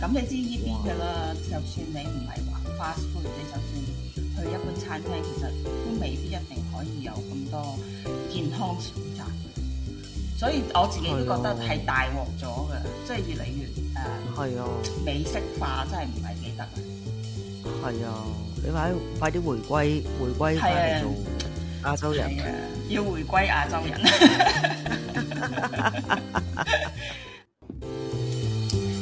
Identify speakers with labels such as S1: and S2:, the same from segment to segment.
S1: 咁你知呢邊噶啦，哇就算你唔係話 fast food 你就算去一般餐廳，其實都未必一定可以有咁多健康選擇。所以我自己都覺得係大鑊咗嘅，即係越嚟越誒，係啊，美式化真係唔係幾得啊。
S2: 係啊，你快快啲回歸，回歸翻嚟做亞洲人
S1: 啊,啊！要回歸亞洲人。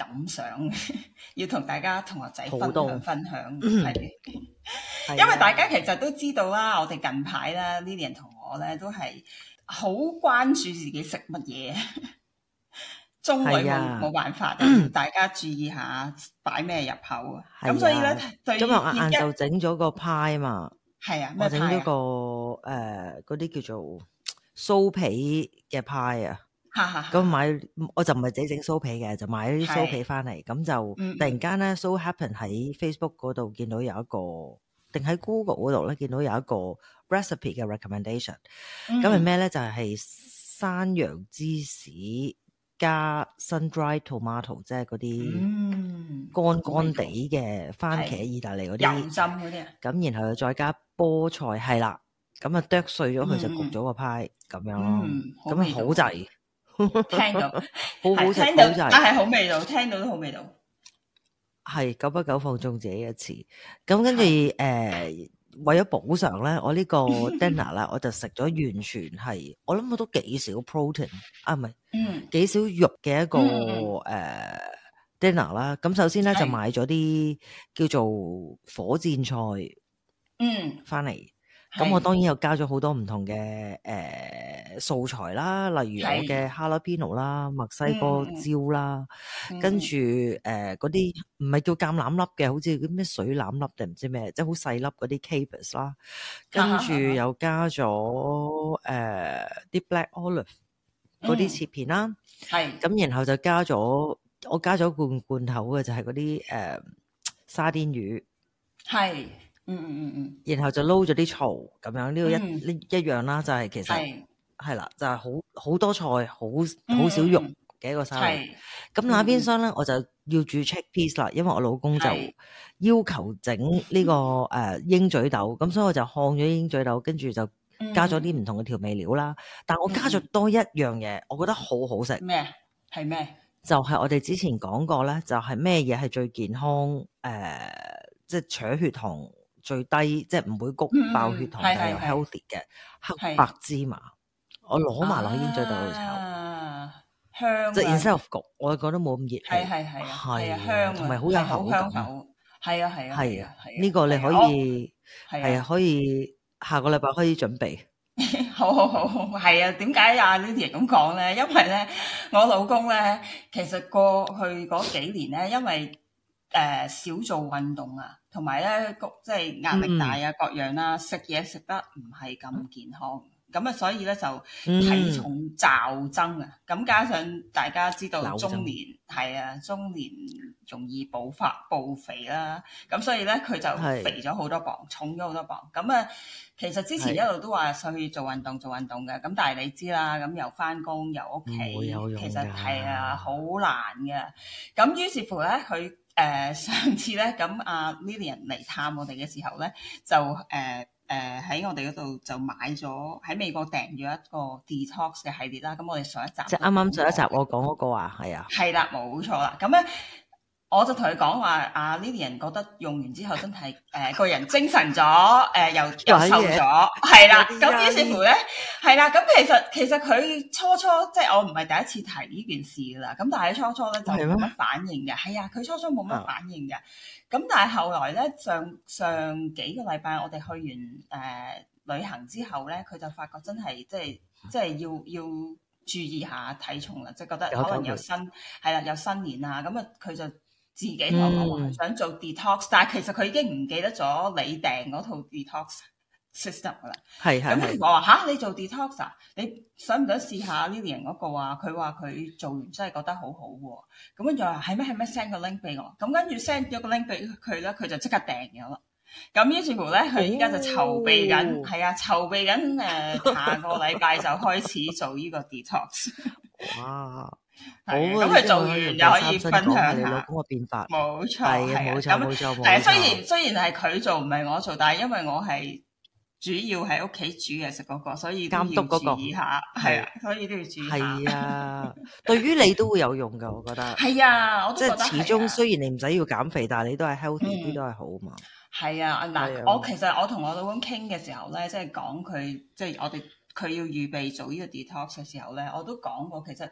S1: 感想要同大家同學仔分享冷分享，嗯、的 因為大家其實都知道啦，我哋近排啦 Lilian 同我咧都係好關注自己食乜嘢，中位冇辦法，嗯、大家注意下擺咩入口的啊。咁所以咧，對日晏晏就
S2: 整咗個派啊嘛，
S1: 係啊，咩派啊？我整咗個
S2: 誒嗰啲叫做酥皮嘅派啊。咁買，我就唔係自己整酥皮嘅，就買啲酥皮翻嚟。咁是就突然間咧、嗯、，so happen 喺 Facebook 嗰度見到有一個，定喺 Google 嗰度咧見到有一個 recipe 嘅 recommendation、嗯。咁係咩咧？就係、是、山羊芝士加 sun dried tomato，即係嗰啲乾乾地嘅番茄，嗯、番茄意大利嗰啲。油
S1: 浸嗰啲
S2: 啊。咁然後再加菠菜，係啦。咁啊剁碎咗佢、嗯、就焗咗個派，i 咁樣咯。咁啊、嗯、好滯。樣 聽到，好好食到晒，啊、係是好
S1: 味道，聽到都好味道。
S2: 係久不久放縱自己一次，咁跟住誒，為咗補償咧，我呢個 dinner 啦， 我就食咗完全係，我諗我都幾少 protein 啊，唔係，嗯，幾少肉嘅一個誒、uh, dinner 啦、嗯。咁、啊、首先咧就買咗啲叫做火箭菜，
S1: 嗯，翻 嚟。咁我、嗯嗯、當然
S2: 又加咗好多唔同嘅誒、呃、素材啦，例如我嘅哈拉皮諾啦、墨西哥椒啦，嗯、
S3: 跟住
S2: 誒嗰啲唔係叫橄欖粒嘅，好似啲咩水欖粒定唔知咩，即係好細粒嗰啲 capers 啦，跟住又加咗誒啲 black olive 嗰啲切片啦，係、嗯。咁然後就加咗我加咗罐罐頭嘅，就係嗰啲誒沙甸魚，
S1: 係。嗯
S3: 嗯嗯
S2: 嗯，然後就撈咗啲醋咁樣，呢、這個一呢一、嗯、樣、就是、是啦，就係其實
S3: 係
S2: 係啦，就係好好多菜，好好少肉嘅一個沙律。咁另一邊箱咧，我就要煮 chickpeas 啦，因為我老公就要求整呢、這個誒鷹是、呃、嘴豆，咁所以我就烘咗鷹嘴豆，跟住就加咗啲唔同嘅調味料啦。但我加咗多一樣嘢，我覺得好好食。
S1: 咩？係咩？
S2: 就係我哋之前講過咧，就係咩嘢係最健康誒、呃，即係除血糖。最低即係唔會谷爆血糖嘅，有 healthy 嘅黑白芝麻，我攞埋落煙嘴度嚟炒，香即係 inself 焗，我覺得冇咁熱氣，係係
S1: 係，係香同埋好有口感，係啊係啊，係啊，呢個你可以係啊
S2: 可以下個禮拜可以準備，
S1: 好好好好，係啊，點解阿 Lily 咁講咧？因為咧我老公咧，其實過去嗰幾年咧，因為誒、呃、少做運動啊，同埋咧即係壓力大啊，嗯、各樣啦、啊，食嘢食得唔係咁健康，咁啊、嗯、所以咧就體重驟增啊，咁、嗯、加上大家知道中年係增啊，中年容易暴發暴肥啦、啊，咁所以咧佢就肥咗好多磅，是重咗好多磅，咁、嗯、啊其實之前一路都話想去做運動做運動嘅，咁但係你知啦，咁又返工又屋企，其實係啊好難嘅，咁於是乎咧佢。誒，uh, 上次咧，咁阿、啊、Lilian 嚟探我哋嘅時候咧，就誒誒喺我哋嗰度就買咗喺美國訂咗一個 detox 嘅系列啦。咁我哋上一集即係啱
S2: 啱上一集我講嗰個啊，係啊，
S1: 係啦，冇錯啦。咁咧。我就同佢講話，阿、啊、Lilian 覺得用完之後真係誒、呃、個人精神咗，誒、呃、又瘦咗，係 啦。咁於、 嗯、是乎咧，係啦。咁、嗯、其實其實佢初初即係我唔係第一次提呢件事啦。咁但係初初咧就冇乜反應嘅。係嗎啊，佢初初冇乜反應嘅。咁 但係後來咧，上上幾個禮拜我哋去完誒、呃、旅行之後咧，佢就發覺真係即係即係要要注意下體重啦，即係覺得可能有新係啦，有新年啊，咁啊佢就。自己同我話想做 detox、嗯、但係其實佢已經唔記得咗你訂嗰套 detox system 噶啦。係係。咁我話嚇，你做 detox，啊？你想唔想試下 Lilian 嗰個啊？佢話佢做完真係覺得好好、啊、喎。咁跟住話係咩係咩，send 個 link 俾我。咁跟住 send 咗個 link 俾佢咧，佢就即刻訂咗啦。咁於、哦、是乎、啊、咧，佢依家就籌備緊，係啊籌備緊誒下個禮拜就開始做呢個 detox。
S3: 哇！好，咁佢做完又可以分享
S1: 下你老
S2: 公嘅變化，
S1: 冇錯，係啊，冇錯，冇錯。但雖然雖然係佢做唔係我做，但係因為我係主要喺屋企煮嘢食嗰個，所以監督嗰個，吓，係啊，所以都要注意。係啊，
S2: 對於你都會有用㗎，我覺得係
S1: 啊，即係始終
S2: 雖然你唔使要減肥，但係你都係 healthy 啲都係好啊嘛。
S1: 係啊，嗱，我其實我同我老公傾嘅時候咧，即係講佢，即係我哋佢要預備做呢個 detox 嘅時候咧，我都講過，其實。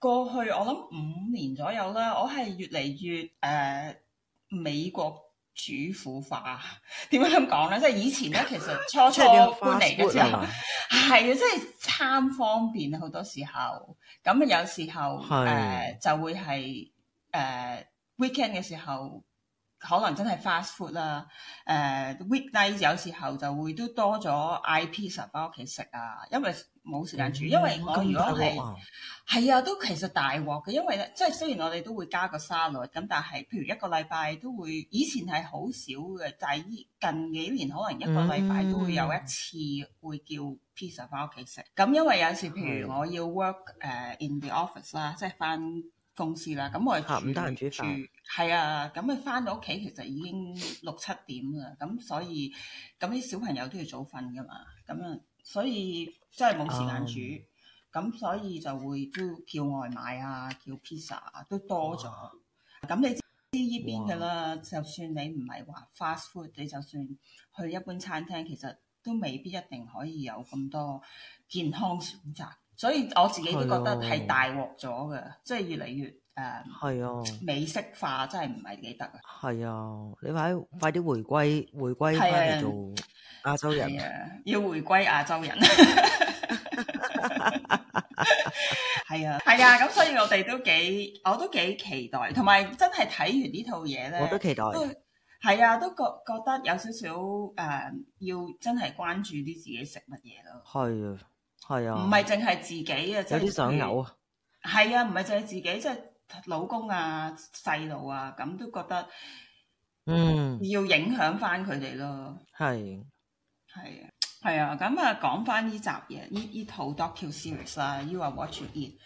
S1: 過去我諗五年左右啦，我係越嚟越誒、呃、美國主婦化。點解咁講咧？即係以前咧，其實初初搬嚟嘅時候，係啊，即係貪方便好多時候。咁啊，有時候誒是、呃、就會係誒、呃、weekend 嘅時候，可能真係 fast food 啦。誒、呃、weeknight 有時候就會都多咗 order pizza 返屋企食啊，因為。冇時間煮，因為我如
S2: 果
S1: 係係、嗯、啊，啊，都其實大鑊嘅，因為咧，即係雖然我哋都會加個沙律咁，但係譬如一個禮拜都會，以前係好少嘅，就係、是、近幾年可能一個禮拜都會有一次會叫 pizza 翻屋企食。咁、嗯、因為有時譬如我要 work 誒、uh, in the office 啦，即係翻公司啦，咁、嗯、我係唔得閒煮飯，係啊，咁佢翻到屋企其實已經六七點啦，咁所以咁啲小朋友都要早瞓㗎嘛，咁樣所以。即係冇時間煮，咁、啊、所以就會都叫外賣啊，叫 pizza、啊、都多咗。咁哇你知呢邊嘅啦，哇就算你唔係話 fast food，你就算去一般餐廳，其實都未必一定可以有咁多健康選擇。所以我自己都覺得係大鑊咗嘅，即係越嚟越誒，係啊，美式化真係唔係幾得啊。
S2: 係啊，你快快啲回歸，回歸翻嚟做。亞洲人
S1: 啊，要回歸亞洲人，係 啊，係啊，咁所以我哋都幾，我都幾期待，同埋真係睇完呢套嘢咧，我都期待，係啊，都覺得覺得有少少誒，要真係關注啲自己食乜嘢咯，
S2: 係啊，係啊，唔係淨
S1: 係自己啊，有啲想嘔啊，係啊，唔係淨係自己，即係老公啊、細路啊，咁都覺得，嗯，
S2: 嗯
S1: 要影響翻佢哋咯，係啊。係啊，係啊，咁啊，講翻呢集嘢，呢呢套 docu series 啦，You are what you eat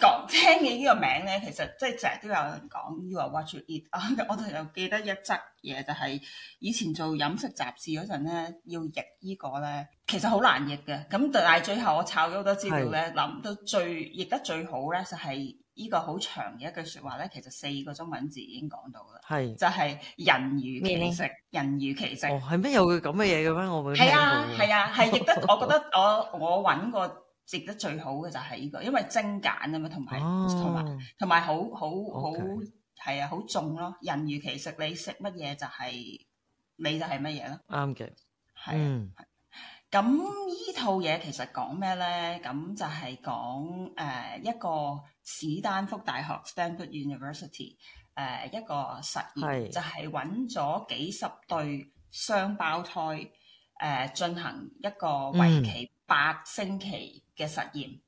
S1: 講聽嘅呢個名咧，其實即係成日都有人講 You are what you eat 啊，我哋又記得一則嘢就係、是、以前做飲食雜誌嗰陣咧，要譯呢、這個咧，其實好難譯嘅，咁但係最後我炒咗好多資料咧，諗的到最譯得最好咧就係。呢個好長嘅一句説話咧，其實四個中文字已經講到啦。係是，就係人如其食，麼人如其食。哦，係
S2: 咩有佢咁嘅嘢嘅咩？我會係啊，係啊，係亦、啊、得。我覺
S1: 得我我揾過譯得最好嘅就係呢、這個，因為精簡啊嘛，同埋同埋同埋好好好係 Okay. 啊，好重咯。人如其食，你食乜嘢就係、是、你就係乜嘢咯。
S2: 啱嘅的，係、啊。嗯
S1: 咁依套嘢其實講咩咧？咁就係講誒一個史丹福大學 Stanford University 誒、呃、一個實驗，是就係揾咗幾十對雙胞胎誒、呃、進行一個為期八星期嘅實驗。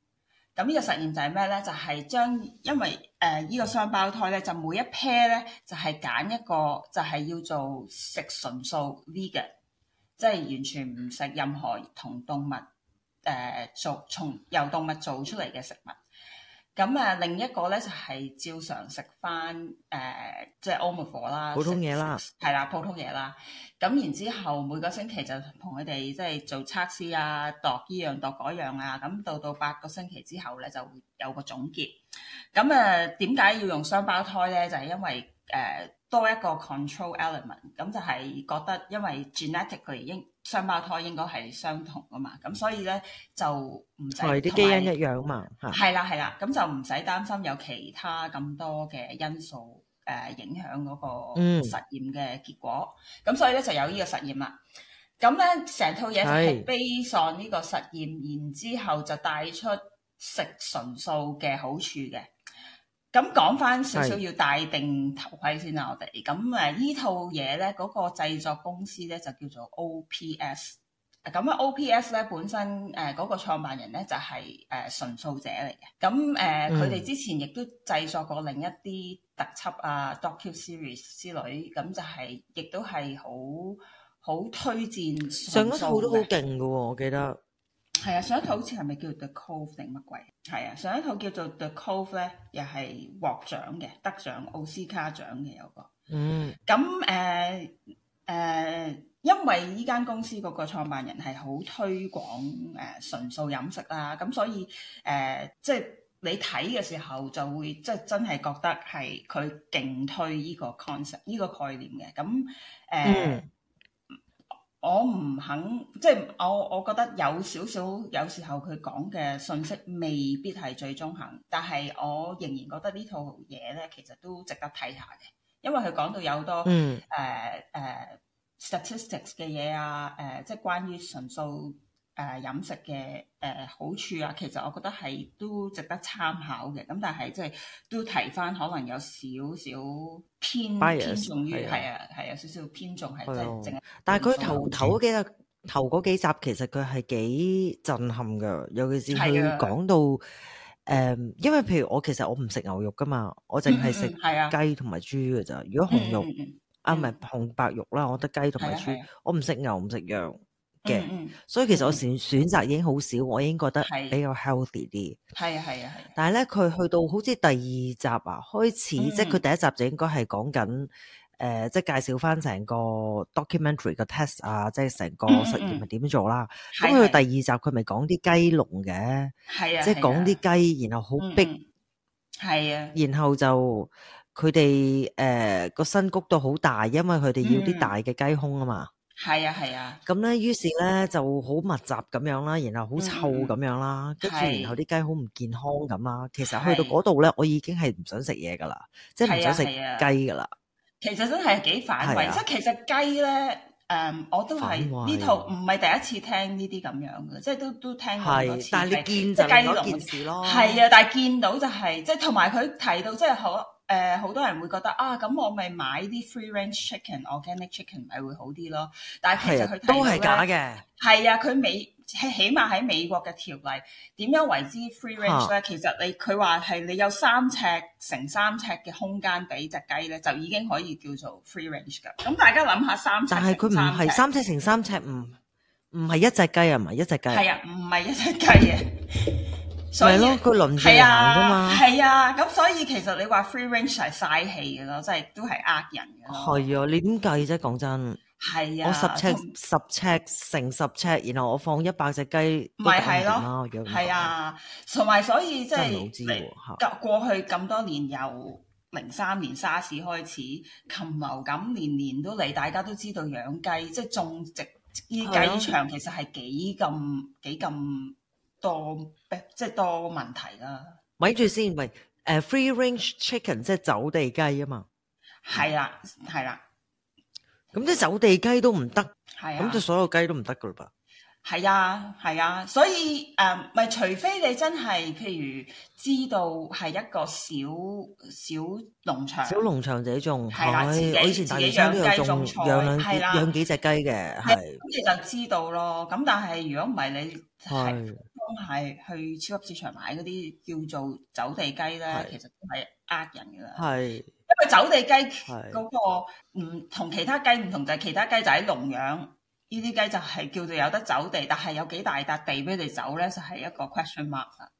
S1: 咁呢、嗯、個實驗就係咩咧？就係、是、將因為誒呢、呃這個雙胞胎咧，就每一 pair 咧就係、是、揀一個就係要做食純素 vegan。即係完全唔食任何同動物誒、呃、做從由動物做出嚟嘅食物。咁啊，另一個咧就係、是、照常、呃就是、食翻誒，即係 omnivore 啦，普通嘢啦，係啦，普通嘢啦。咁然之後每個星期就同佢哋即係做測試啊，度呢樣度嗰樣啊。咁到到八個星期之後咧，就會有個總結。咁啊，點、呃、解要用雙胞胎咧？就係、是、因為誒。呃呃多一個 control element，咁就係覺得因為 genetically 應雙胞胎應該係相同噶嘛，咁所以咧就唔使。係啲基因一
S2: 樣嘛，係啦
S1: 係啦，咁的就唔使擔心有其他咁多嘅因素誒、呃、影響嗰個實驗嘅結果。咁、嗯、所以咧就有呢個實驗啦。咁咧成套嘢係 base on 呢個實驗，的然之後就帶出食純素嘅好處嘅。咁講翻少少，要戴定頭盔先啦，我哋咁誒，啊、套呢套嘢咧，嗰、嗰個製作公司咧就叫做 O.P.S. 咁啊，O.P.S. 咧本身誒嗰、呃嗰個創辦人咧就係誒純素者嚟嘅，咁誒佢哋之前亦都製作過另一啲特輯啊、docuseries 之類，咁就係、係、亦都係好好推薦，上一套都好
S2: 勁㗎，我記得。
S1: 係啊，上一套好似係咪叫做 The Cove 定乜鬼？係啊，上一套叫做 The Cove 咧，又係獲獎嘅，得獎奧斯卡獎嘅有個。嗯。咁誒誒，因為依間公司嗰個創辦人係好推廣誒、呃、純素飲食啦，咁所以誒、呃，即係你睇嘅時候就會即係真係覺得係佢勁推呢個 concept 呢個概念嘅。咁、這、誒、個。我唔肯，即係我，我覺得有少少，有時候佢講嘅信息未必係最中肯，但係我仍然覺得呢套嘢咧，其實都值得睇下嘅，因為佢講到有好多誒誒、mm. 呃呃、statistics 嘅嘢啊，誒、呃、即係關於純素。誒飲、呃、食嘅誒、呃、好處啊，其實我覺得係都值得參考嘅。咁但係即係都提翻，可能有少少偏 bias, 偏重於係啊，係有少少偏重係真係。哦、點點但係佢頭頭嗰
S2: 幾集頭嗰幾集，其實佢係幾震撼㗎。尤其是佢講到誒，cents, 因為譬如我其實我唔食牛肉㗎嘛，我淨係食雞同埋豬㗎咋。如果紅肉啊，唔係紅白肉啦，我得雞同埋豬，我唔食牛唔食羊。嘅，mm hmm. 所以其實我選選擇已經好少，我已經覺得比較 healthy 啲。係啊係啊係。但係咧，佢去到好似第二集啊，開始、mm hmm. 即係佢第一集就應該係講緊誒，即係介紹翻成個 documentary 個 test 啊，即係成個實驗係點樣做啦。咁佢、mm hmm. 第二集佢咪講啲雞籠嘅，
S1: 係啊，即係講啲
S2: 雞，然後好逼，
S1: 係啊、mm，hmm.
S2: 然後就佢哋誒個身谷都好大，因為佢哋要啲大嘅雞胸啊嘛。係啊，係啊，咁咧、啊、於是咧就好密集咁樣啦，然後好臭咁樣啦，跟住、嗯、然後啲雞好唔健康咁啦。是其實去到嗰度咧，我已經係唔想食嘢噶啦，即係唔想食雞噶啦。啊
S1: 啊、其實真係幾反胃，啊、即係其實雞咧，誒、嗯、我都係呢衣套唔係第一次聽呢啲咁樣嘅，即係都都聽好多次，但係你見到就即雞件事咯，係啊，但係見到就係、是、即係同埋佢提到即係好。誒，好多人會覺得啊，咁我咪買啲 free range chicken、organic chicken 咪會好啲咯。但係其實佢都係假嘅，係啊，佢美起起碼喺美國嘅條例，點樣為之 free range 咧？其實你佢話係你有三尺乘三尺嘅空間俾隻雞咧，就已經可以叫做 free range 噶。咁大家諗下三尺，但係佢唔係三
S2: 尺乘三尺，唔唔係一隻雞啊，唔係一隻雞。係啊，
S1: 唔係一隻雞嘅。
S2: 係咯，佢輪住行啫嘛。係
S1: 啊，咁、啊啊、所以其實你話 free range 係嘥氣嘅咯，即、就、係、是、都係呃人
S2: 嘅咯。係啊，你點計啫？講真，
S1: 啊、我十尺
S2: 十尺乘十尺，然後我放一百隻雞，咪係咯，養。係
S1: 啊，同埋、啊、所以即、就、
S2: 係、是，
S1: 過去咁多年，由零三年沙士開始，禽流感年年都嚟，大家都知道養雞即係、就是、種植呢雞場，其實係幾咁幾咁。多即係多問題
S2: 啦。咪住先，喂誒，free range chicken 即係走地雞啊嘛。
S1: 係啦，係 啦。
S2: 咁 即係走地雞都唔得，
S1: 係啊的，咁就
S2: 所有雞都唔得噶啦噃。
S1: 係啊，係啊，所以誒，咪除非你真係，譬如知道係一個小小農場，小
S2: 農場者仲係，我以前自己養雞種菜，養兩養幾隻雞嘅，係
S1: 咁你就知道咯。咁但係如果唔係你係，係去超級市場買嗰啲叫做走地雞咧，其實都係呃人噶啦。係因為走地雞嗰個唔同其他雞唔同就係其他雞仔喺籠養。呢啲雞就係叫做有得走地，但係有幾大笪地俾你哋走呢，就係、是、一個 question mark。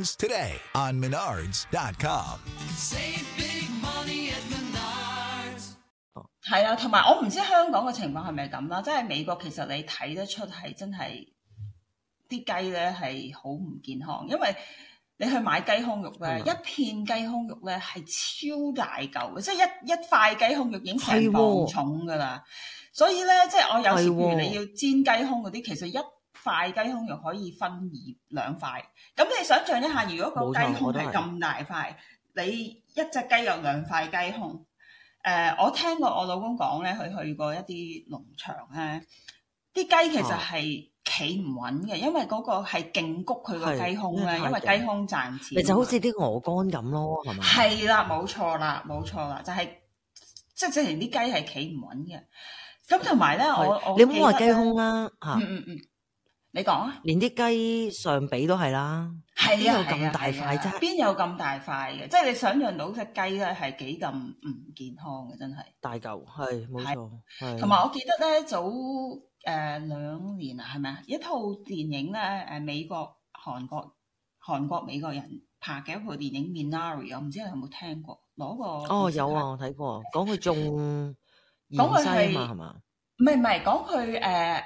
S3: Today on Menards.com. Save big money at
S1: Menards，係啊，同 埋 我唔知香港嘅情況係咪咁啦。即係美國，其實你睇得出係真係啲雞咧係好唔健康，因為你去買雞胸肉咧， 一片雞胸肉咧係超大嚿嘅，的即係一一塊雞胸肉已經係磅重噶啦。的所以咧，即係我有時譬如你要煎雞胸嗰啲的，其實一塊雞胸肉可以分二兩塊，咁你想象一下，如果個雞胸係咁大塊，你一隻雞有兩塊雞胸，誒、呃，我聽過我老公講咧，佢去過一啲農場咧，啲、啊、雞其實係企唔穩嘅，啊、因為嗰個係勁谷佢個雞胸咧，為因為雞胸賺錢。就好
S2: 似啲鵝肝咁咯，係嘛吧？係
S1: 啦，冇錯啦，冇錯啦，就係、是、即係證明啲雞係企唔穩嘅。咁同埋咧，我、嗯、我你唔好話雞胸啦、啊，嚇、啊，嗯嗯、啊、嗯。你講啊，連啲雞上髀都係啦，邊有咁大塊啫？邊、啊啊啊、有咁大塊嘅？即係你想象到隻雞咧係幾咁唔健康嘅。真係
S2: 大嚿，係冇錯，係。同埋
S1: 我記得咧早誒、呃、兩年啊，係咪啊？一套電影咧誒美國韓國韓國美國人拍嘅一部電影《Minari》，我唔知你有冇聽過？攞個哦有
S2: 啊，我睇過，講佢中，
S1: 講佢係嘛係嘛？唔係唔係，講佢誒誒誒去到、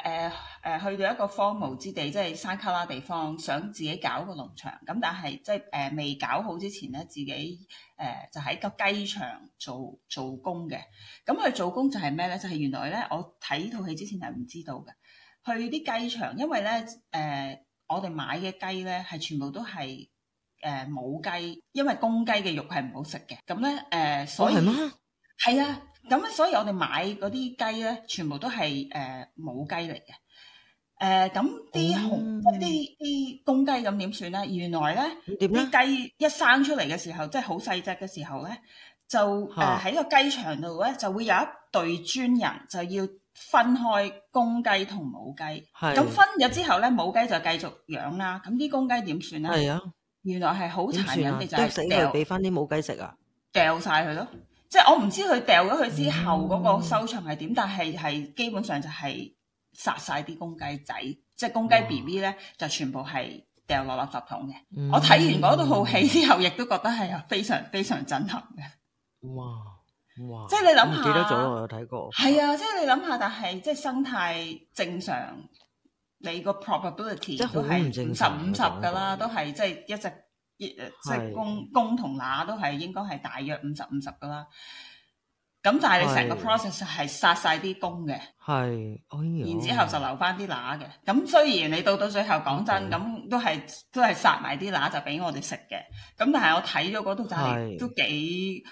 S1: 呃呃、一個荒蕪之地，即係山卡拉地方，想自己搞個農場。咁但係即係誒未搞好之前咧，自己誒、呃、就喺個雞場做做工嘅。咁佢做工就係咩咧？就係、是、原來咧，我睇套戲之前係唔知道嘅。去啲雞場，因為咧誒、呃，我哋買嘅雞咧係全部都係誒母雞，因為公雞嘅肉係唔好食嘅。咁咧誒，所以係嗎啊。咁所以我哋買嗰啲雞咧，全部都係誒、呃、母雞嚟嘅。誒咁啲紅啲啲、嗯、公雞咁點算咧？原來咧啲雞一生出嚟嘅時候，即係好細隻嘅時候咧，就誒喺、啊呃、個雞場度咧，就會有一隊專人就要分開公雞同母雞。係咁的分咗之後咧，母雞就繼續養啦。咁啲公雞點算咧？係啊的，原來係好殘忍嘅，就抌、是、要死佢
S2: 俾翻啲母雞食啊，
S1: 掉晒佢咯。即係我唔知佢掉咗佢之後嗰、嗯、個收場係點，但係係基本上就係殺晒啲公雞仔，即係公雞 B B 咧就全部係掉落垃圾桶嘅。嗯、我睇完嗰套戲之後，亦都覺得係非常非常震撼嘅。
S2: 哇哇！
S1: 即係你諗下，記得咗我有睇過？係啊，即係你諗下，但係即係生態正常，你個 probability 即都係五十五十噶啦，都係即係一隻。即係公公同乸都係應該係大約五十五十噶啦，咁就係你成個 process 係殺晒啲公嘅，
S2: 係，哎、然之後就
S1: 留翻啲乸嘅。咁雖然你到到最後講真，咁、嗯、都係都係殺埋啲乸就俾我哋食嘅。咁但係我睇咗嗰度就係是都幾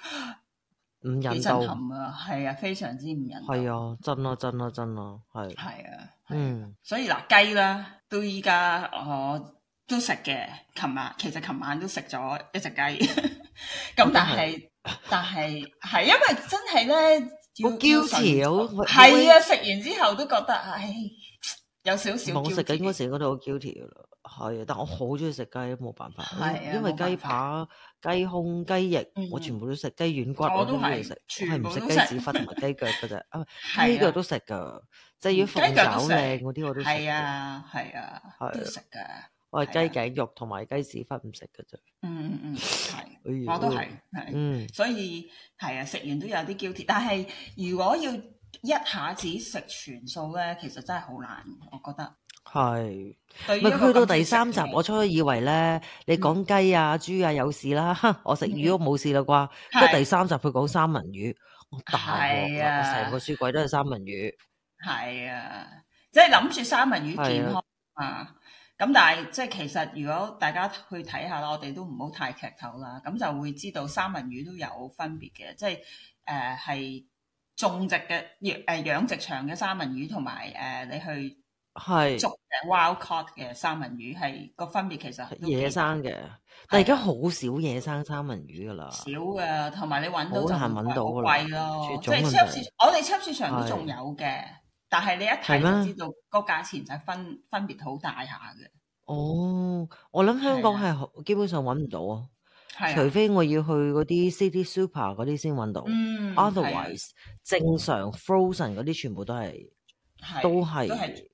S1: 唔
S2: 忍，忍幾震
S1: 撼啊！係啊，非常之唔忍，係
S2: 啊，真,真,真,真啊，真啊、嗯，真啊，係，係啊，
S1: 嗯。所以嗱，雞啦，都依家哦。呃呃都食嘅，琴日，其實琴晚都食咗一隻雞，咁但係但係係因為真係咧好嬌條，係啊，食完之後都覺得唉有少少。冇食嘅，應
S2: 該成個好嬌條咯。係啊，但我好中意食雞，冇辦法，因為雞扒、雞胸、雞翼我全部都食，雞軟骨我都係食，係唔食雞子骨同埋雞腳嘅啫。啊，呢個都食噶，即係要果鳳爪靚啲我都係啊，係啊，都食
S1: 噶。我係雞
S2: 頸肉同埋雞屎忽唔食嘅啫。嗯嗯嗯，係，我都係，係，
S1: 所以係啊，食完都有啲叫鐵。但係如果要一下子食全素咧，其實真係好難，我覺得。
S2: 係。咪去到第三集，我初初以為咧，你講雞啊、豬啊有事啦，我食魚都冇事啦啩？即係第三集佢講三文魚，我大鑊啦！成個雪櫃都係三文魚。
S1: 係啊，即係諗住三文魚健康啊。咁但係即係其實如果大家去睇下啦，我哋都唔好太劇透啦，咁就會知道三文魚都有分別嘅，即係誒係種植嘅、呃、養誒殖場嘅三文魚，同埋誒你去係捉嘅 wild caught 嘅三文魚，係個分別其實野
S2: 生嘅，但係而家好少野生三文魚噶啦，
S1: 少嘅，同埋你揾到就難揾
S2: 到啦，貴咯，即係超市場，
S1: 我哋超市場都仲有嘅。但係你一睇就知道個價錢就係分分別好大下嘅。
S2: 哦，我諗香港係基本上揾唔到啊，除非我要去嗰啲 City Super 嗰啲先揾到。Otherwise 正常 Frozen 嗰啲全部都係
S3: 都係都
S2: 係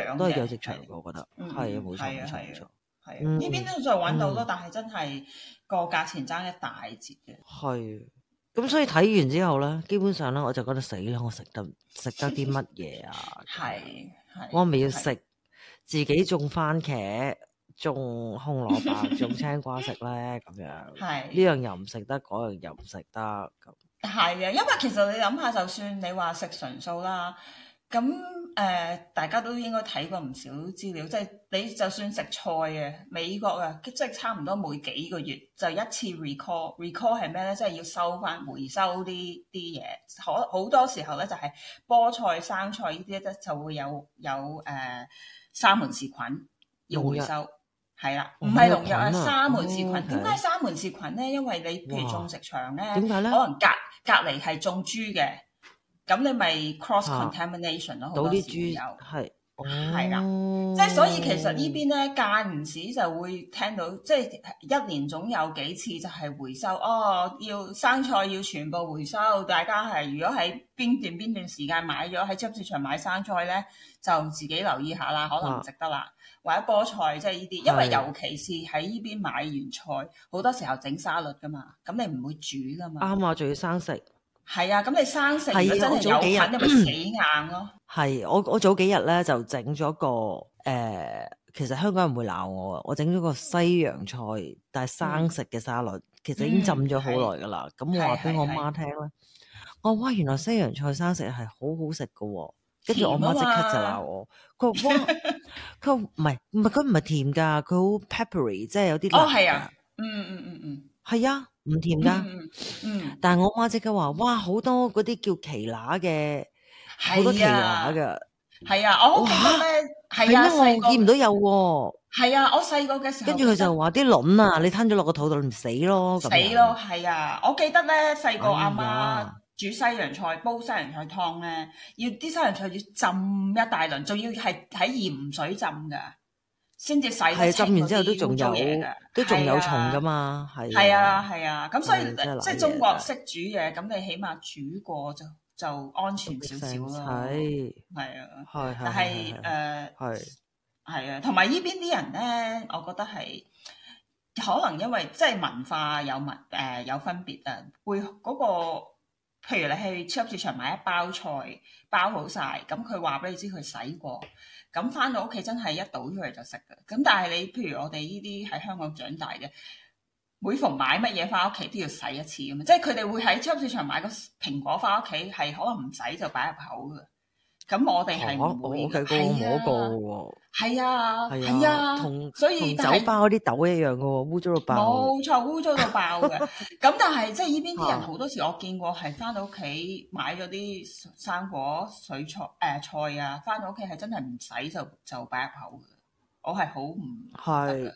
S2: 啊，都係有直場嘅，我覺得係啊，冇錯冇錯，係啊，呢邊都再揾到咯，
S1: 但係真係個價錢爭一大截嘅。係。咁所
S2: 以睇完之後咧，基本上咧我就覺得死啦！我食得食得啲乜嘢啊？係係 樣我咪要食自己種番茄、 種紅蘿蔔、種青瓜食咧咁樣。係呢 樣又唔食得，嗰樣又唔食得。咁
S1: 係嘅，因為其實你諗下，就算你話食純素啦。咁誒、呃，大家都應該睇過唔少資料，即係你就算食菜啊，美國啊，即係差唔多每幾個月就一次 recall。recall 係咩咧？即係要收翻回，回收呢啲嘢，可好多時候咧就係菠菜、生菜呢啲咧就會有有誒沙門氏菌要回收，係啦日，唔係農藥啊，沙門氏菌。點解、oh, okay. 沙門氏菌咧？因為你譬如種食場咧，點解咧？可能隔隔，隔離係種豬嘅。咁你咪 cross contamination 咯，啊，好多豬油，係是，係啦，嗯，即係，就是，所以其實邊呢邊咧間唔時就會聽到，即，就，係，是，一年總有幾次就係回收哦，要生菜要全部回收，大家係如果喺邊段邊段時間買咗喺超市場買生菜咧，就自己留意下啦，可能唔值得啦。啊，或者菠菜即係呢啲，因為尤其是喺呢邊買完菜，好多時候整沙律㗎嘛，咁你唔會煮㗎嘛，啱
S2: 啊，仲要生食。
S1: 係啊，咁你生食如果真係有菌，你咪死硬
S2: 咯。係我我早幾日咧就整咗、啊、個誒、呃，其實香港人會鬧我，啊。我整咗個西洋菜，但係生食嘅沙律，其實已經浸咗好耐噶啦。咁、嗯、我話俾我媽聽啦，我話哇，oh, 原來西洋菜生食係好好食噶，跟住、啊、我媽即刻就鬧我，佢話哇，佢唔係唔係佢唔係甜噶，佢好 peppery，即係有啲辣。哦，係啊，嗯嗯嗯嗯，係 啊。唔甜噶，嗯，嗯，但係我媽即刻話，哇，好多嗰啲叫奇乸嘅，好、啊、多奇乸噶
S1: 係啊，我好記得咧，係啊，啊，我見唔
S2: 到有喎。
S1: 係啊、嗯，我細個嘅時候，跟住佢就
S2: 話啲卵啊，你吞咗落個肚度，你唔死咯，死咯，
S1: 係啊，我記得咧，細個阿媽，媽煮西洋菜，煲西洋菜湯咧，要啲西洋菜要浸一大輪，仲要係喺鹽水浸噶。先至洗清，清，係浸完之後都仲有嘢嘅，都仲有蟲
S2: 噶嘛，係。係啊，係啊，咁所以即係中國、啊、識
S1: 煮嘢，咁你起碼煮過就就安全少少啦。係，係啊。
S2: 但係係。
S1: 係。係啊，同埋依邊啲人咧，我覺得係可能因為即係文化有文誒、呃、有分別啊，會嗰、嗰個。譬如你去超級市場買一包菜，包好晒，咁佢話俾你知佢洗過，咁翻到屋企真係一倒出嚟就食嘅。咁但係你譬如我哋呢啲喺香港長大嘅，每逢買乜嘢翻屋企都要洗一次嘅嘛。即係佢哋會喺超級市場買個蘋果翻屋企，係可能唔使就擺入口嘅。咁我哋係
S2: 唔會，係啊，
S1: 係啊，同所以酒吧
S2: 嗰啲豆一樣噶喎，污糟到爆，冇
S1: 錯，污糟到爆嘅。咁但係即係呢邊啲人好多時，我見過係翻到屋企買咗啲生果、水菜誒菜啊，翻到屋企係真係唔使就就擺入口嘅。我係好唔
S2: 係，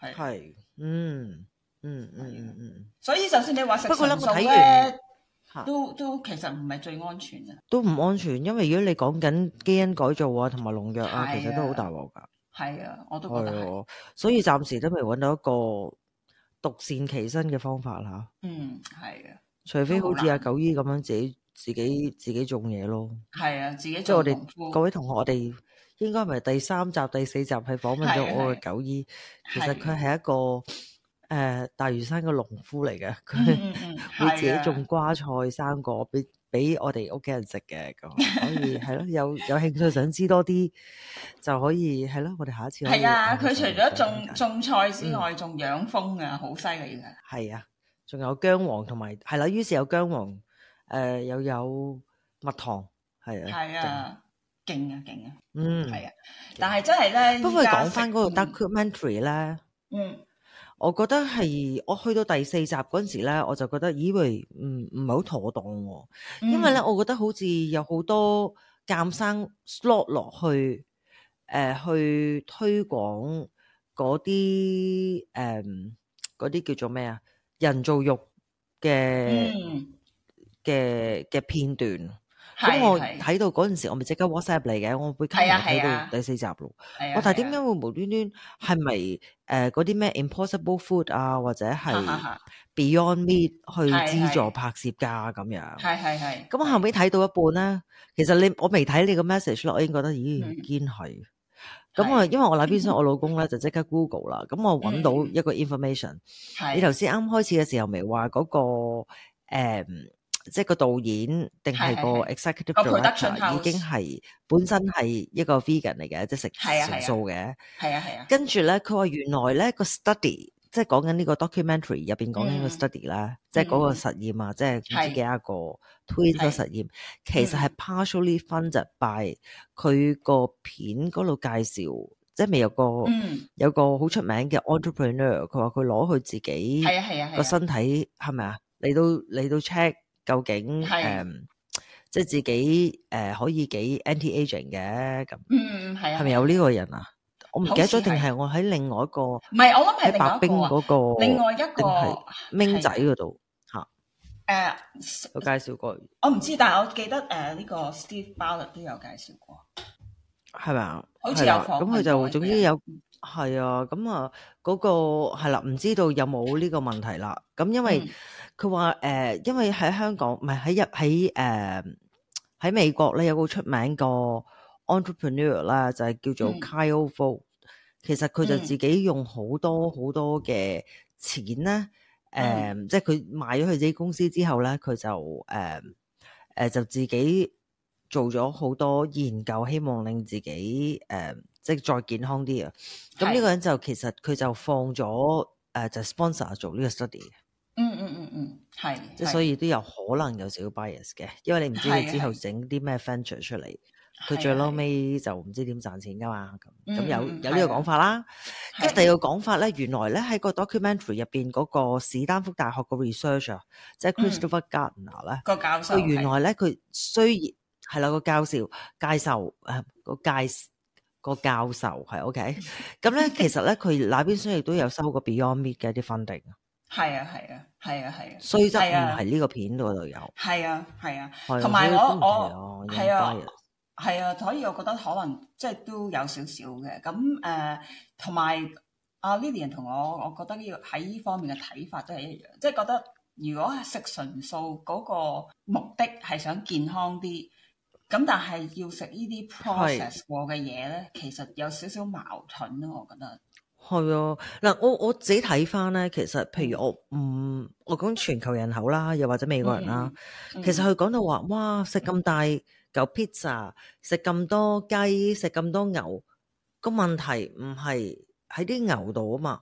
S2: 係係，嗯嗯嗯嗯。
S1: 所以就算你話食生熟咧。都都其實唔係最
S2: 安全嘅，都唔安全，因為如果你講緊基因改造啊，同埋農藥啊，其實都好大鑊噶。係啊，
S1: 我都覺得。
S2: 所以暫時都未搵到一個獨善其身嘅方法吓。嗯，
S1: 係啊。除非好似阿九
S2: 姨咁樣自己自己自己種嘢咯。係啊，
S1: 自己。即係我哋各位
S2: 同學，我哋應該係咪第三集第四集係訪問咗我嘅九姨，其實佢係一個。誒大嶼山嘅農夫嚟嘅，佢
S3: 會自己種
S2: 瓜菜生果，俾俾我哋屋企人食嘅咁。可以係咯，有有興趣想知多啲就可以係咯。我哋下一次係啊！
S1: 佢除咗種種菜之外，仲養蜂嘅，好犀利㗎。
S2: 係啊，仲有薑黃同埋係啦。於是有薑黃誒，又有蜜糖係啊，係啊，勁啊勁啊！嗯，係啊，
S1: 但係真係咧，不過講返嗰個
S2: documentary 啦。嗯。我覺得係，我去到第四集嗰陣時咧，我就覺得以為唔唔係好妥當喎，因為咧，我覺得好似有好多鑑生 slot 落去，誒、呃、去推廣嗰啲誒嗰啲叫做咩啊，人造肉嘅嘅嘅片段。
S3: 咁 我睇
S2: 到嗰陣時，我咪即刻 WhatsApp 嚟嘅，我會睇到第四集咯。係啊，係啊我但係點解會無端端係咪誒嗰啲咩 Impossible Food 啊，或者係 Beyond Meat 去資助拍攝㗎咁樣？係係係。咁我後尾睇到一半咧，其實你我未睇你個 message 啦，我已經覺得咦堅係。咁、哎、啊，嗯嗯嗯、因為我嗱邊先，我老公咧就即刻 Google 啦。咁我揾到一個 information、
S1: 嗯。嗯嗯、你頭先
S2: 啱開始嘅時候、那個，咪話嗰個即係個導演定係個 executive director 已經係本身係一個 vegan 嚟嘅，即係食素嘅。係啊，係啊。跟住咧，佢話原來咧個 study 即係講緊呢個 documentary 入邊講緊個 study 啦，即係嗰個實驗啊，即係幾啊個 twin 嘅實驗，其實係 partially funded by 佢個片嗰度介紹，即係未有個有個好出名嘅 entrepreneur，佢話佢攞佢自己係啊，係啊個身體係咪啊嚟到嚟到 check。究竟誒，即係自己誒，可以幾 anti-aging 嘅，咁，
S1: 係咪、嗯、有
S2: 呢個人啊？我唔記得咗，定係我喺另外一個唔係，我諗喺白冰嗰個另外一個定係明仔嗰度吓。誒，有介紹過，我唔
S1: 知，但係我記得誒呢、uh, 個 Steve Ballard 都有
S2: 介紹過，係咪啊？好似有咁，佢就總之有。係啊，咁、那個、啊，嗰個係啦，唔知道有冇呢個問題啦。咁因為佢話誒，因為喺、嗯呃、香港唔係喺入喺誒喺美國咧有個出名個 entrepreneur 啦，就係、是、叫做 Kyle Vo、嗯。其實佢就自己用好多好多嘅錢咧，
S3: 誒、
S2: 嗯，即係佢賣咗佢自己公司之後咧，佢就誒誒、呃、就自己做咗好多研究，希望令自己誒。呃即係再健康啲啊！咁呢個人就其實佢就放咗誒、呃，就 sponsor、咗、做呢個 study。嗯嗯嗯
S1: 嗯，係。即係所以
S2: 都有可能有少少 bias 嘅，因為你唔知你之後整啲咩 venture、mm hmm. 出嚟，佢最撈尾就唔知點賺錢㗎嘛。咁有、
S3: mm hmm. 有呢個講
S2: 法啦。跟住、mm hmm. 第二個講法咧，原來咧喺個 documentary 入邊嗰個史丹福大學個 research 啊、er, mm，hmm. 即係 Christopher Gardner 咧、mm hmm. 個教授。佢原來咧，佢雖然係啦個教授介受誒個介。啊啊啊啊啊啊啊啊個教授係 OK，咁咧其實咧佢那邊雖然都有收過 Beyond Meat 嘅一啲 funding
S1: 係啊係啊係啊係啊，所以就唔係
S2: 呢個片度度有，
S1: 係啊係啊，同埋我我係啊係啊，所以我覺得可能即係都有少少嘅，咁誒同埋阿 Lilian 同我，我覺得呢個喺呢方面嘅睇法都係一樣，即係覺得如果係食純素嗰個目的係想健康啲。咁但係要食呢啲
S2: process 過嘅嘢咧，是其實有少少矛盾咯、啊，我覺得係啊。嗱，我我自己睇翻咧，其實譬如我唔、嗯、我講全球人口啦，又或者美國人啦，嗯嗯、其實佢講到話，哇食咁大嚿 pizza，食咁多雞，食咁多牛，個問題唔係喺啲牛度啊嘛，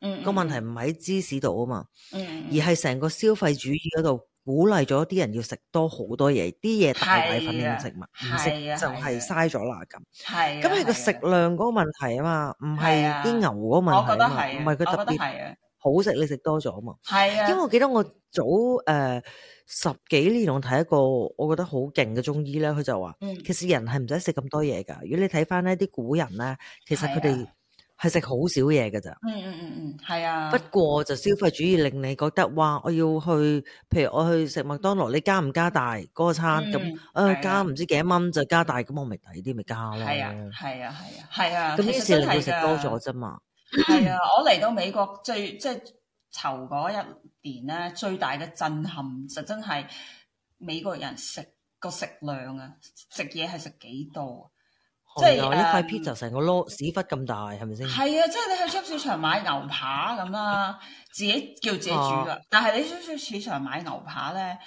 S2: 嗯，嗯，
S1: 個問題
S2: 唔喺芝士度啊嘛，嗯，嗯，而係成個消費主義嗰度。鼓勵咗啲人要食多好多嘢，啲嘢大大份嘅食物唔食的就係嘥咗啦咁。係咁係個食量嗰個問題啊嘛，唔係啲牛嗰個問題啊嘛，唔係佢特別好食你食多咗啊嘛。係啊的，因為我記得我早誒、uh, 十幾年我睇一個我覺得好勁嘅中醫咧，佢就話，的其實人係唔使食咁多嘢噶。如果你睇翻呢啲古人咧，其實佢哋。係食好少嘢㗎咋，嗯嗯嗯嗯，
S1: 係啊。不
S2: 過就消費主義令你覺得哇，我要去，譬如我去食麥當勞，你加唔加大嗰個餐咁？誒、嗯啊啊，加唔知幾多蚊就加大咁，我咪抵啲咪加咯。
S1: 係啊，係啊，係啊，咁啲嘢嚟食多咗啫嘛。係啊，我嚟到美國最即係頭嗰一年咧，最大嘅震撼就真係美國人食個食量啊，食嘢係食幾多。即係、um，一塊 pizza 就
S2: 成個攞屎忽咁大，係咪先？係
S1: 啊，即係你去超市場買牛扒咁啦， 自己叫自己煮噶。啊、但係你去超市場買牛扒咧，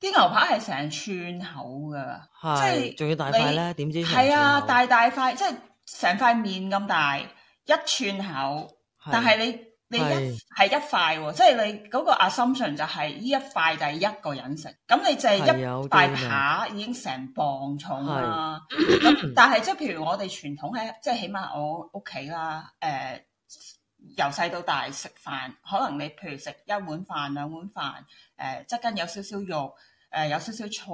S1: 啲牛扒係成寸厚噶，是即係仲要大塊咧，點你知係啊？大大塊，即係成塊面咁大，一寸厚，是但係你。你一係是一塊、哦，即係你嗰個 assumption 就係呢一塊就係一個人食，咁你就係一塊扒已經成磅重啦。咁但係即係譬如我哋傳統喺，即係起碼我屋企啦，誒、呃，由細到大食飯，可能你譬如食一碗飯、兩碗飯，誒、呃，側跟有少少肉，誒、呃，有少少菜，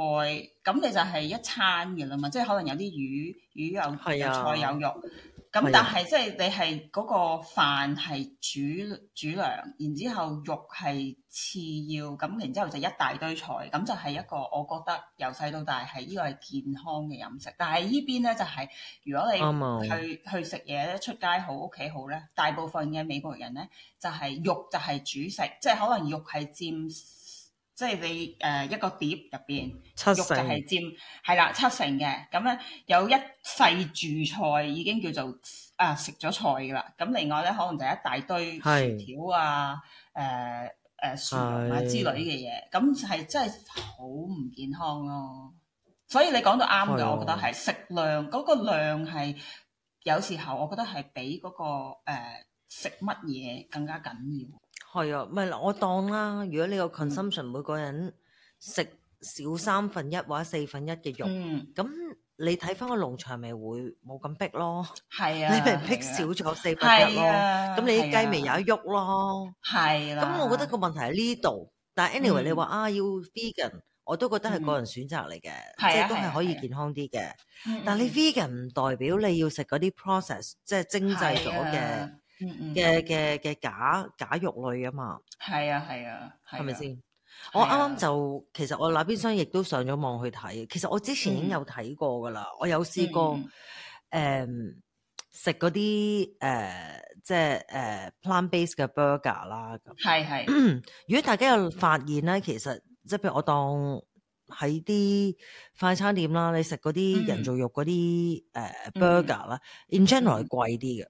S1: 咁你就係一餐嘅啦嘛，即係可能有啲魚，魚有的有菜有肉。咁但係即係你係嗰個飯係主主糧，然之後肉係次要，咁然之後就一大堆菜，咁就係一個我覺得由細到大係呢個係健康嘅飲食。但係呢邊咧就係如果你去嗯嗯去食嘢咧，出街好，屋企好咧，大部分嘅美國人咧就係、是、肉就係主食，即、就、係、是、可能肉係佔。即係你誒、呃、一個碟入邊，成肉就係佔係啦七成嘅，咁咧有一細住菜已經叫做啊食咗菜噶啦，咁另外咧可能就係一大堆薯條啊、誒誒是、呃啊、薯蓉啊是之類嘅嘢，咁係真係好唔健康咯。所以你講到啱嘅，哎、呦我覺得係食量嗰、嗰個量係有時候我覺得係比嗰、嗰個食乜嘢更加緊要。
S2: 係啊，咪嗱，我當啦。如果你個 consumption 每個人食少三分一或者四分一嘅肉，咁你睇翻個農場咪會冇咁逼咯。
S1: 係啊，你咪逼
S2: 少咗四分一咯。咁你啲雞咪有得喐咯。係啦。咁我覺得個問題喺呢度。但係 anyway，你話啊要 vegan，我都覺得係個人選擇嚟嘅，即係都係可以健康啲嘅。但係你 vegan 唔代表你要食嗰啲 process，即係精製咗嘅。嘅嘅嘅假假肉類啊嘛，
S1: 係啊係啊，係咪先？啊吧啊、
S2: 我啱啱就其實我那邊廂亦都上咗網去睇，其實我之前已經有睇過噶啦，嗯、我有試過誒、嗯嗯、食嗰啲誒即係誒、呃、plant base 嘅 burger 啦，係係是。 如果大家有發現咧，其實即係譬如我當喺啲快餐店啦，嗯、你食嗰啲人造肉嗰啲誒 burger 啦，in general 係貴啲嘅。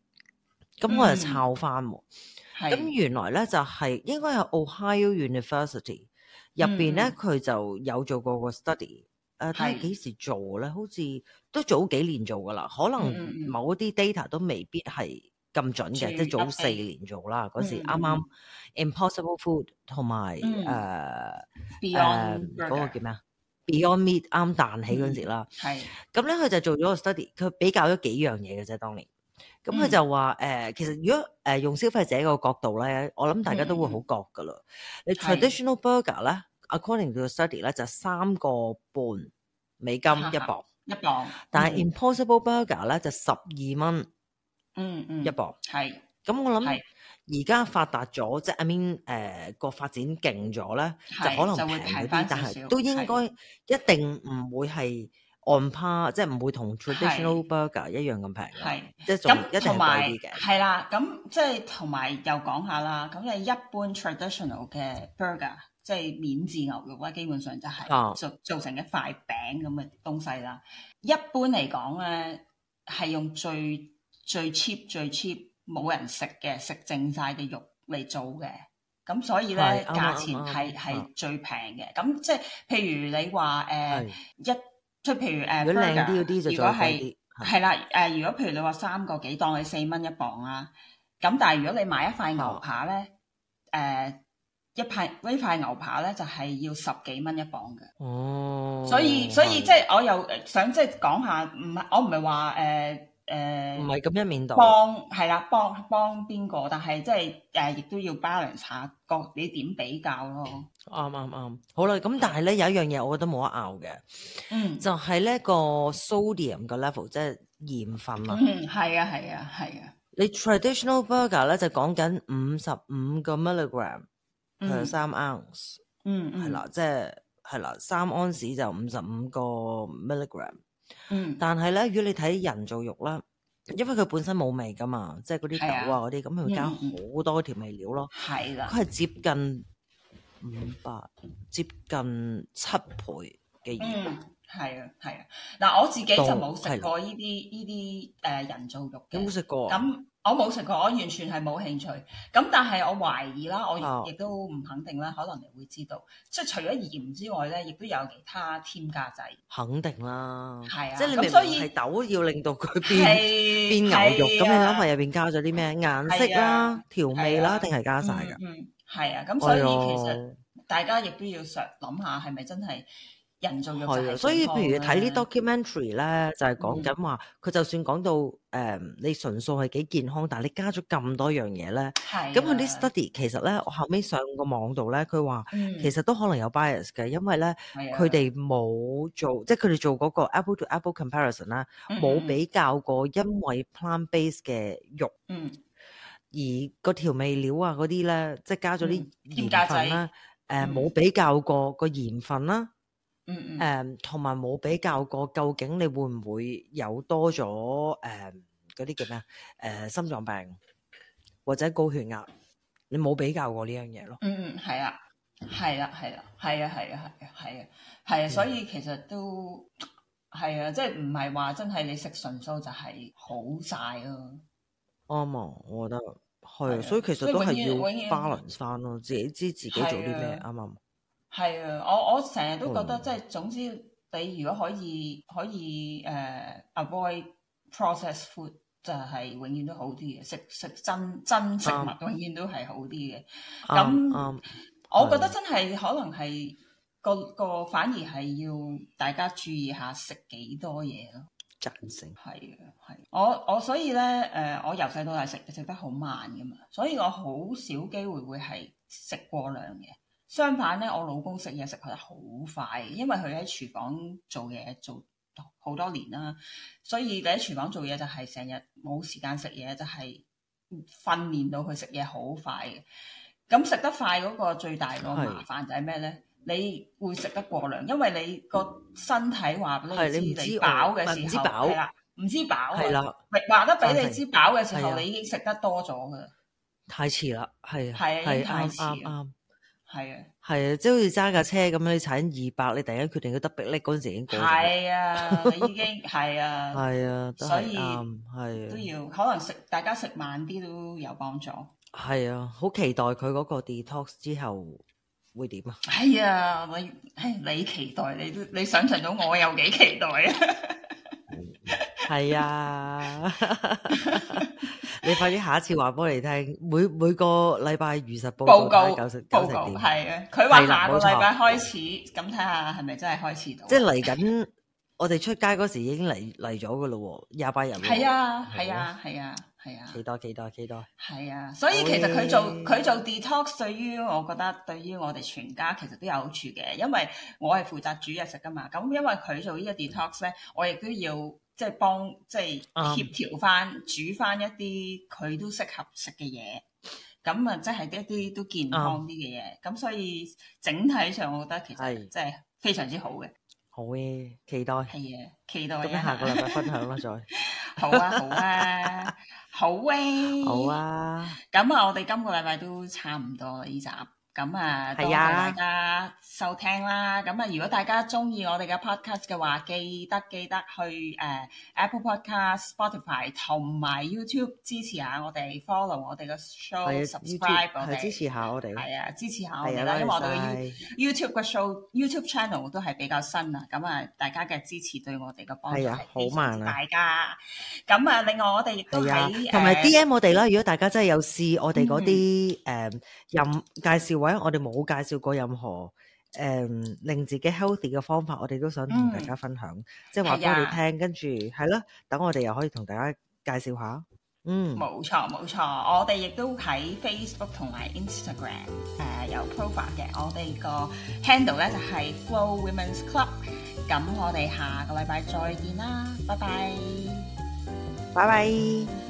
S2: 咁我就抄翻，咁原來咧就係應該係 Ohio University 入邊咧，佢就有做過個 study，誒，但係幾時做咧？好似都早幾年做噶啦，可能某一啲 data 都未必係咁準嘅，即係早四年做啦嗰時，啱啱 Impossible Food 同埋誒誒嗰個叫咩啊 Beyond Meat 啱彈起嗰陣時啦，係咁咧，佢就做咗個 study，佢比較咗幾樣嘢嘅啫，當年。咁佢就話誒，其實如果誒用消費者個角度咧，我諗大家都會好覺噶啦。你 traditional burger 咧，according to the study 咧，就三個半美金一磅，
S1: 一磅。
S2: 但係 Impossible burger 咧，就十二蚊，嗯嗯一磅。係。咁我諗而家發達咗，即係 I mean 誒個發展勁咗咧，就可能平啲，但係都應該一定唔會係。半趴，即係唔會同 traditional burger 一樣咁平，係即
S1: 係一定貴啲嘅係啦。咁即係同埋又講下啦。咁嘅一般 traditional 嘅 burger 即係免治牛肉咧，基本上就係、是、就做，做成一塊餅咁嘅東西啦。啊、一般嚟講咧係用最最 cheap 最 cheap 冇人食嘅食剩晒嘅肉嚟做嘅，咁所以咧是價錢係係、啊啊啊、最平嘅。咁即係譬如你話誒一。呃是即係譬如誒，如果靚啲嗰啲就再貴啲，係啦。誒的，的如果譬如你話三個幾當佢四蚊一磅啊，咁的但係如果你買一塊牛扒咧，誒、哦呃，一派呢塊牛扒咧就係要十幾蚊一磅嘅。哦
S3: 所，所以所以
S1: 即係我又想即係講下，唔係我唔係話誒誒，唔係咁一面倒，幫係啦，幫幫邊個？但係即係誒、呃，亦都要 balance 下，各你點,點比較咯。
S2: 啱啱啱，好啦、嗯，咁但係咧有一樣嘢，我覺得冇得拗嘅，嗯，就係呢個 sodium 嘅 level 即係鹽分啊，啊，嗯，嗯，
S1: 係啊，係啊，係啊，
S2: 你 traditional burger 咧就講緊五十五個 milligram 佢三 ounce，
S1: 嗯，係啦，
S2: 即係係啦，三盎司就五十五個 milligram，嗯，但係咧如果你睇人造肉啦，因為佢本身冇味噶嘛，即係嗰啲豆啊嗰啲，咁佢、啊、加好多調味料咯，
S1: 係噶、啊，佢係
S2: 接近。五百，接近七倍嘅鹽。嗯，
S1: 係啊，係啊。嗱，我自己就冇食過呢啲呢啲誒人造肉，你
S2: 冇食過？咁
S1: 我冇食過，我完全係冇興趣。咁但係我懷疑啦，我亦都唔肯定啦，可能你會知道，即係除咗鹽之外咧，亦都有其他添加劑。
S2: 肯定啦，係啊，即係你明明係豆，要令到佢變變牛肉，咁你諗下入邊加咗啲咩？顏色啦、調味啦，定係加晒噶
S1: 係啊，咁所以其實大家亦都要想諗下是是，係咪真係人造肉就係健康？所以譬如睇啲
S2: documentary 咧，就係、是、講緊話，佢、嗯、就算講到誒、嗯、你純素係幾健康，但係你加咗咁多樣嘢咧，咁佢啲 study 其實咧，我後尾上個網度咧，佢話、嗯、其實都可能有 bias 嘅，因為咧佢哋冇做即係佢哋做嗰個 apple to apple comparison 啦、嗯哼，冇比較過因為 plant based 嘅肉。嗯嗯而嗰調味料啊，嗰啲咧，即係加咗啲添加劑啦，誒，冇比較過個鹽分啦，誒，同埋冇比較過究竟你會唔會有多咗誒嗰啲叫咩誒心臟病或者高血壓，你冇比較過呢樣嘢咯。嗯嗯，
S1: 係啊，係啊，係啊，係啊，係啊，係啊，係啊，係啊，所以其實都係啊，即係唔係話真係你食純素就係好晒咯。
S2: 啱啊、嗯！我覺得係，的所以其實都係要平衡返咯，自己知自己做啲咩啱唔啱？
S1: 係啊的、嗯！我我成日都覺得即、就、係、是、總之，你如果可以可以誒、uh, avoid processed food，就係永遠都好啲嘅。食食真真食物永遠都係好啲嘅。咁我覺得真係可能係個個反而係要大家注意下食幾多嘢咯。
S2: 贊成，
S1: 係啊，係我我所以咧，誒、呃，我由細到大食食得好慢噶嘛，所以我好少機會會係食過量嘅。相反咧，我老公食嘢食佢得好快，因為佢喺廚房做嘢做好多年啦，所以你喺廚房做嘢就係成日冇時間食嘢，就係訓練到佢食嘢好快嘅。咁食得快嗰個最大個麻煩就係咩咧？你會食得過量，因為你個身體話俾你知，你飽嘅時候係啦，唔知飽係啦，話得俾你知飽嘅時候，你已經食得多咗㗎喇。
S2: 太遲啦，係啊，係啊，已經太遲啦，
S1: 係
S2: 啊，係啊，即係好似揸架車咁樣，你踩緊二百，你突然間決定要得逼力嗰陣時已經過咗。係啊，已經係啊，係啊，所以係
S1: 都要可能食，大家食慢啲都有幫助。
S2: 係啊，好期待佢嗰個 detox 之後。會點啊？
S1: 係啊、哎，我係、哎、你期待，你你想象到，我有幾期待
S2: 啊！係啊，你快啲下一次話俾我哋聽，每每個禮拜如實報告報告，九告成九成點？係啊，
S1: 佢話下個禮拜開始，咁睇下係咪真係開始到？即
S2: 係嚟緊，我哋出街嗰時已經嚟嚟咗噶咯，廿八日。係啊， 係啊，
S1: 係啊。係
S2: 啊，期，期待期待期待。係
S1: 啊，所以其實佢做佢耶做 detox 對於我覺得對於我哋全家其實都有好處嘅，因為我係負責煮嘢食㗎嘛。咁因為佢做個呢個 detox 咧，我亦都要即係幫即係、就是、協調翻、um, 煮翻一啲佢都適合食嘅嘢。咁啊，即係一啲都健康啲嘅嘢。咁、um, 所以整體上我覺得其實係即係非常之好嘅。
S2: 好嘅，期待係啊，
S1: 期待啊，咁下個禮拜分
S2: 享啦，再
S1: 好啊，好啊。好啊 好，好啊，咁啊，我哋今個禮拜都差唔多啦，呢集。咁啊，嗯、多謝大家收聽啦！咁啊，如果大家中意我哋嘅 podcast 嘅話，記得記得去誒、呃、Apple Podcast、Spotify 同埋 YouTube 支持下我哋，follow 我哋嘅 show，subscribe 支持下我哋，係啊，支持下我哋啦，啊、因為我哋 you, YouTube 嘅 show、YouTube channel 都係比較新啊！咁啊，大家嘅支持對我哋嘅幫助係非常之大㗎。咁啊，啊，啊，另外我哋亦都喺同埋 DM
S2: 我哋啦。嗯、如果大家真係有試我哋啲誒任介紹位。我哋冇介紹過任何誒令自己 healthy 嘅方法，我哋都想同大家分享，即係話俾你聽，跟住係咯，等我哋又可以同大家介紹下。嗯，冇
S1: 錯冇錯，我哋亦都喺 Facebook 同埋 Instagram 誒有 profile 嘅，我哋個 handle 咧就係 Flo Women's Club。咁我哋下個禮拜再見啦，拜拜，拜拜。